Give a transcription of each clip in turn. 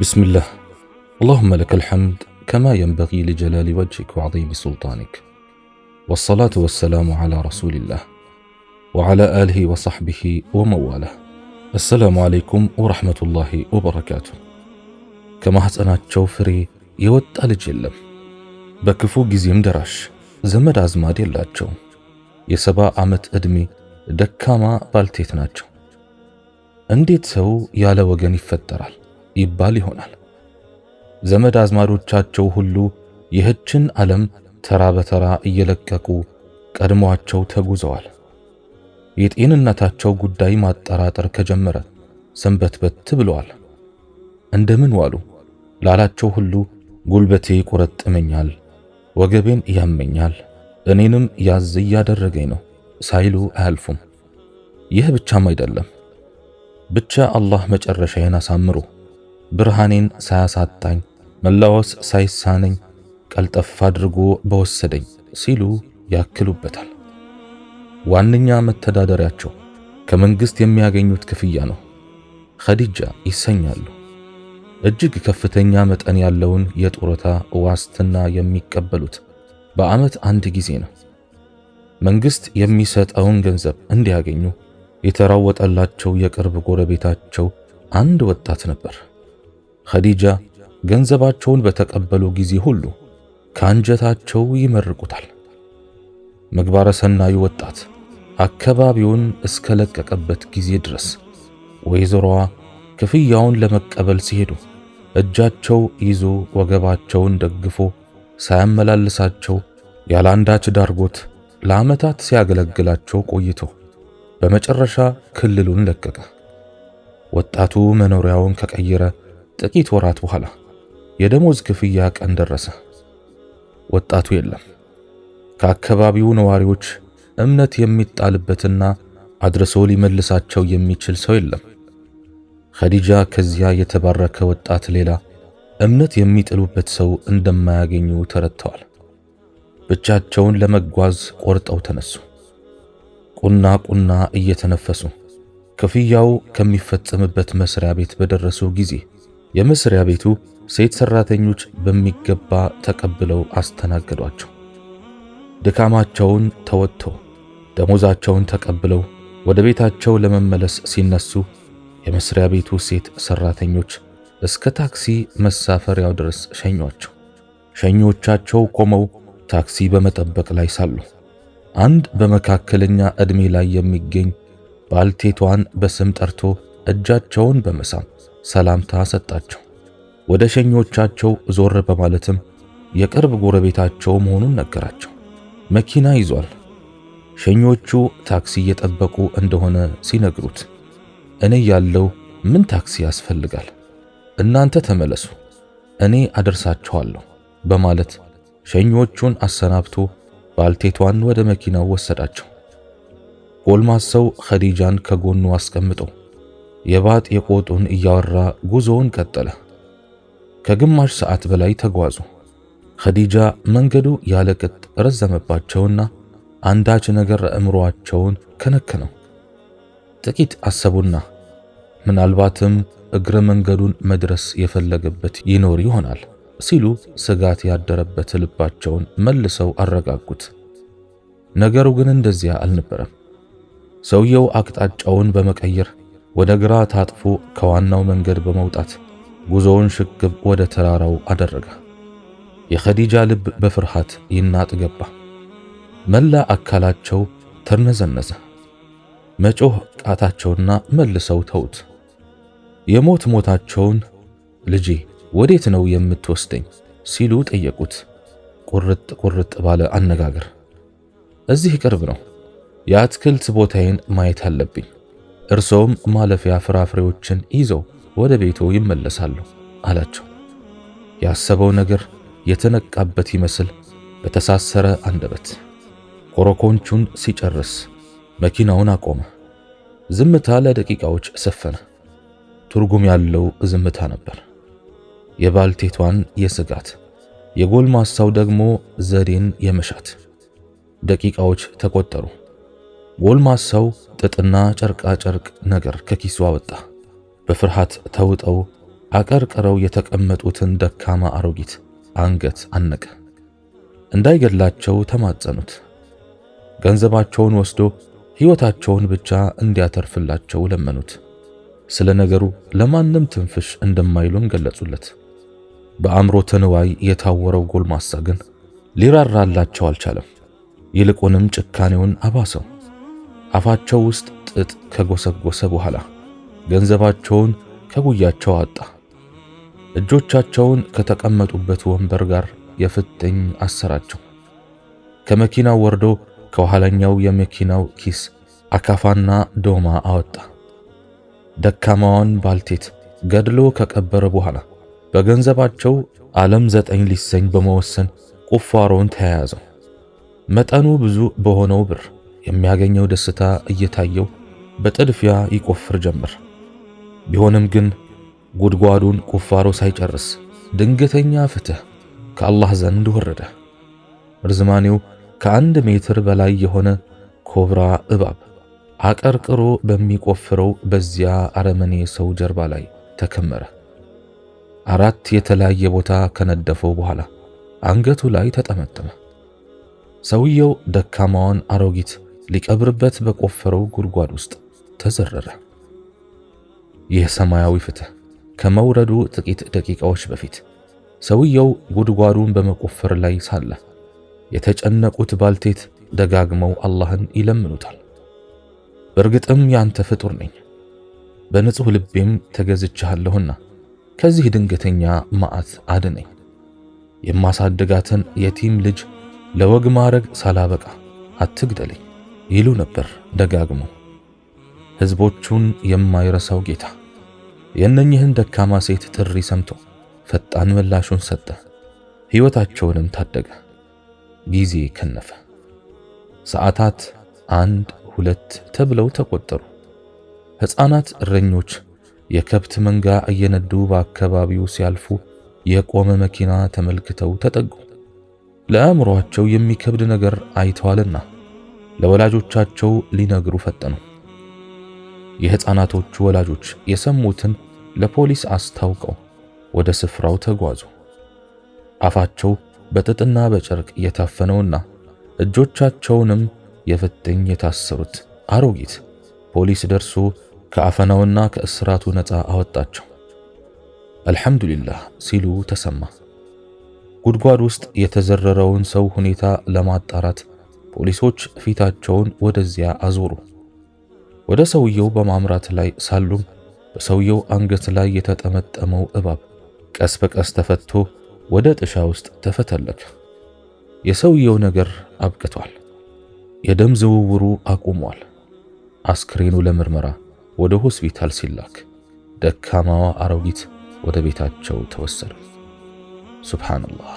بسم الله اللهم لك الحمد كما ينبغي لجلال وجهك وعظيم سلطانك والصلاة والسلام على رسول الله وعلى آله وصحبه ومواله السلام عليكم ورحمة الله وبركاته كما ፍሬ የወጣ ልጅ የለም። በክፉ ጊዜም ደራሽ ዘመድ አዝማድ የላቸው። የሰባ ዓመት ዕድሜ ደካማ ባልቴት ናቸው። እንዴት ሰው ያለ ወገን ይባል ይሆናል። ዘመድ አዝማዶቻቸው ሁሉ ይህችን ዓለም ተራ በተራ እየለቀቁ ቀድሞአቸው ተጉዘዋል። የጤንነታቸው ጉዳይ ማጠራጠር ከጀመረ በት ብለዋል። እንደምን ዋሉ ላላቸው ሁሉ ጉልበቴ ይቆረጥመኛል፣ ወገቤን ያመኛል፣ እኔንም ያዝ እያደረገኝ ነው ሳይሉ አያልፉም። ይህ ብቻም አይደለም ብቻ አላህ መጨረሻዬን አሳምሮ ብርሃኔን ሳያሳጣኝ መላወስ ሳይሳነኝ ቀልጠፍ አድርጎ በወሰደኝ ሲሉ ያክሉበታል። ዋነኛ መተዳደሪያቸው ከመንግስት የሚያገኙት ክፍያ ነው። ኸዲጃ ይሰኛሉ። እጅግ ከፍተኛ መጠን ያለውን የጡረታ ዋስትና የሚቀበሉት በዓመት አንድ ጊዜ ነው። መንግስት የሚሰጠውን ገንዘብ እንዲያገኙ የተራወጠላቸው የቅርብ ጎረቤታቸው አንድ ወጣት ነበር። ኸዲጃ ገንዘባቸውን በተቀበሉ ጊዜ ሁሉ ከአንጀታቸው ይመርቁታል። ምግባረ ሰናዩ ወጣት አካባቢውን እስከለቀቀበት ጊዜ ድረስ ወይዘሮዋ ክፍያውን ለመቀበል ሲሄዱ እጃቸው ይዞ ወገባቸውን ደግፎ ሳያመላልሳቸው ያለ አንዳች ዳርጎት ለዓመታት ሲያገለግላቸው ቆይቶ በመጨረሻ ክልሉን ለቀቀ። ወጣቱ መኖሪያውን ከቀየረ ጥቂት ወራት በኋላ የደሞዝ ክፍያ ቀን ደረሰ። ወጣቱ የለም። ከአካባቢው ነዋሪዎች እምነት የሚጣልበትና አድርሶ ሊመልሳቸው የሚችል ሰው የለም። ኸዲጃ ከዚያ የተባረከ ወጣት ሌላ እምነት የሚጥሉበት ሰው እንደማያገኙ ተረድተዋል። ብቻቸውን ለመጓዝ ቆርጠው ተነሱ። ቁና ቁና እየተነፈሱ ክፍያው ከሚፈጸምበት መስሪያ ቤት በደረሱ ጊዜ የመስሪያ ቤቱ ሴት ሰራተኞች በሚገባ ተቀብለው አስተናገዷቸው። ድካማቸውን ተወጥተው ደሞዛቸውን ተቀብለው ወደ ቤታቸው ለመመለስ ሲነሱ የመስሪያ ቤቱ ሴት ሰራተኞች እስከ ታክሲ መሳፈሪያው ድረስ ሸኟቸው። ሸኞቻቸው ቆመው ታክሲ በመጠበቅ ላይ ሳሉ አንድ በመካከለኛ ዕድሜ ላይ የሚገኝ ባልቴቷን በስም ጠርቶ እጃቸውን በመሳም ሰላምታ ሰጣቸው። ወደ ሸኞቻቸው ዞር በማለትም የቅርብ ጎረቤታቸው መሆኑን ነገራቸው። መኪና ይዟል። ሸኞቹ ታክሲ እየጠበቁ እንደሆነ ሲነግሩት እኔ ያለው ምን ታክሲ ያስፈልጋል? እናንተ ተመለሱ፣ እኔ አደርሳችኋለሁ በማለት ሸኞቹን አሰናብቶ ባልቴቷን ወደ መኪናው ወሰዳቸው። ጎልማሳው ኸዲጃን ከጎኑ አስቀምጠው የባጥ የቆጡን እያወራ ጉዞውን ቀጠለ። ከግማሽ ሰዓት በላይ ተጓዙ። ኸዲጃ መንገዱ ያለቅጥ ረዘመባቸውና አንዳች ነገር አእምሮአቸውን ከነከነው። ጥቂት አሰቡና ምናልባትም እግረ መንገዱን መድረስ የፈለገበት ይኖር ይሆናል ሲሉ ስጋት ያደረበት ልባቸውን መልሰው አረጋጉት። ነገሩ ግን እንደዚያ አልነበረም። ሰውየው አቅጣጫውን በመቀየር ወደ ግራ ታጥፎ ከዋናው መንገድ በመውጣት ጉዞውን ሽግብ ወደ ተራራው አደረገ። የኸዲጃ ልብ በፍርሃት ይናጥ ገባ። መላ አካላቸው ተርነዘነዘ። መጮህ ቃታቸውና መልሰው ተውት። የሞት ሞታቸውን ልጄ ወዴት ነው የምትወስደኝ ሲሉ ጠየቁት፣ ቁርጥ ቁርጥ ባለ አነጋገር። እዚህ ቅርብ ነው፣ የአትክልት ቦታዬን ማየት አለብኝ እርሶም ማለፊያ ፍራፍሬዎችን ይዘው ወደ ቤቶ ይመለሳሉ አላቸው። ያሰበው ነገር የተነቃበት ይመስል በተሳሰረ አንደበት ኮረኮንቹን ሲጨርስ መኪናውን አቆመ። ዝምታ ለደቂቃዎች ሰፈነ። ትርጉም ያለው ዝምታ ነበር። የባልቴቷን የስጋት የጎልማሳው ደግሞ ዘዴን የመሻት ደቂቃዎች ተቆጠሩ። ጎልማሳው ጥጥና ጨርቃጨርቅ ነገር ከኪሱ አወጣ። በፍርሃት ተውጠው አቀርቅረው የተቀመጡትን ደካማ አሮጊት አንገት አነቀ። እንዳይገድላቸው ተማጸኑት። ገንዘባቸውን ወስዶ ሕይወታቸውን ብቻ እንዲያተርፍላቸው ለመኑት። ስለ ነገሩ ለማንም ትንፍሽ እንደማይሉም ገለጹለት። በአእምሮ ተንዋይ የታወረው ጎልማሳ ግን ሊራራላቸው አልቻለም። ይልቁንም ጭካኔውን አባሰው። አፋቸው ውስጥ ጥጥ ከጎሰጎሰ በኋላ ገንዘባቸውን ከጉያቸው አጣ። እጆቻቸውን ከተቀመጡበት ወንበር ጋር የፍጥኝ አሰራቸው። ከመኪናው ወርዶ ከኋላኛው የመኪናው ኪስ አካፋና ዶማ አወጣ። ደካማዋን ባልቴት ገድሎ ከቀበረ በኋላ በገንዘባቸው ዓለም ዘጠኝ ሊሰኝ በመወሰን ቁፋሮን ተያያዘው። መጠኑ ብዙ በሆነው ብር የሚያገኘው ደስታ እየታየው በጥድፊያ ይቆፍር ጀመር። ቢሆንም ግን ጉድጓዱን ቁፋሮ ሳይጨርስ ድንገተኛ ፍትህ ከአላህ ዘንድ ወረደ። ርዝማኔው ከአንድ ሜትር በላይ የሆነ ኮብራ እባብ አቀርቅሮ በሚቆፍረው በዚያ አረመኔ ሰው ጀርባ ላይ ተከመረ። አራት የተለያየ ቦታ ከነደፈው በኋላ አንገቱ ላይ ተጠመጠመ። ሰውየው ደካማዋን አሮጊት ሊቀብርበት በቆፈረው ጉድጓድ ውስጥ ተዘረረ። ይህ ሰማያዊ ፍትህ ከመውረዱ ጥቂት ደቂቃዎች በፊት ሰውየው ጉድጓዱን በመቆፈር ላይ ሳለ የተጨነቁት ባልቴት ደጋግመው አላህን ይለምኑታል። በእርግጥም ያንተ ፍጡር ነኝ፣ በንጹህ ልቤም ተገዝቻለሁና ከዚህ ድንገተኛ ማዕት አድነኝ። የማሳድጋትን የቲም ልጅ ለወግ ማዕረግ ሳላበቃ አትግደለኝ። ይሉ ነበር ደጋግሞ። ሕዝቦቹን የማይረሳው ጌታ የእነኝህን ደካማ ሴት ጥሪ ሰምቶ ፈጣን ምላሹን ሰጠ፣ ሕይወታቸውንም ታደገ። ጊዜ ከነፈ። ሰዓታት አንድ ሁለት ተብለው ተቆጠሩ። ሕፃናት እረኞች የከብት መንጋ እየነዱ በአካባቢው ሲያልፉ የቆመ መኪና ተመልክተው ተጠጉ። ለአእምሮአቸው የሚከብድ ነገር አይተዋልና ለወላጆቻቸው ሊነግሩ ፈጠኑ። የሕፃናቶቹ ወላጆች የሰሙትን ለፖሊስ አስታውቀው ወደ ስፍራው ተጓዙ። አፋቸው በጥጥና በጨርቅ የታፈነውና እጆቻቸውንም የፍጥኝ የታሰሩት አሮጊት ፖሊስ ደርሶ ከአፈናውና ከእስራቱ ነፃ አወጣቸው። አልሐምዱሊላህ ሲሉ ተሰማ። ጉድጓድ ውስጥ የተዘረረውን ሰው ሁኔታ ለማጣራት ፖሊሶች ፊታቸውን ወደዚያ አዞሩ። ወደ ሰውየው በማምራት ላይ ሳሉም በሰውየው አንገት ላይ የተጠመጠመው እባብ ቀስ በቀስ ተፈትቶ ወደ ጥሻ ውስጥ ተፈተለከ። የሰውየው ነገር አብቅቷል። የደም ዝውውሩ አቁሟል። አስክሬኑ ለምርመራ ወደ ሆስፒታል ሲላክ ደካማዋ አሮጊት ወደ ቤታቸው ተወሰደ። ሱብሃንአላህ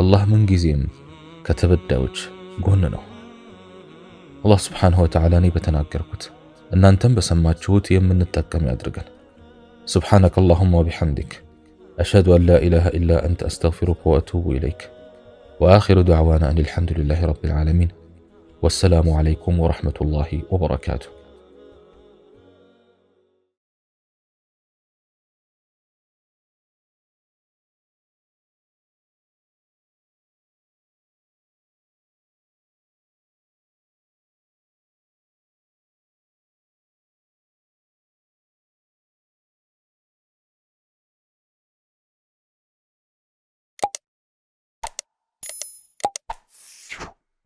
አላህ ምንጊዜም ከተበዳዮች ጎን ነው። አላህ ስብሓንሁ ወተዓላ እኔ በተናገርኩት እናንተም በሰማችሁት የምንጠቀም ያድርገን። ስብሓነከ አላሁማ ወቢሐምዲክ አሽሀዱ አን ላኢላሃ ኢላ አንተ አስተግፊሩከ ወአቱቡ ኢለይክ ወአኺሩ ዱዕዋና አን አልሐምዱሊላሂ ረቢል ዓለሚን ወሰላሙ ዓለይኩም ወረሕመቱላሂ ወበረካቱሁ።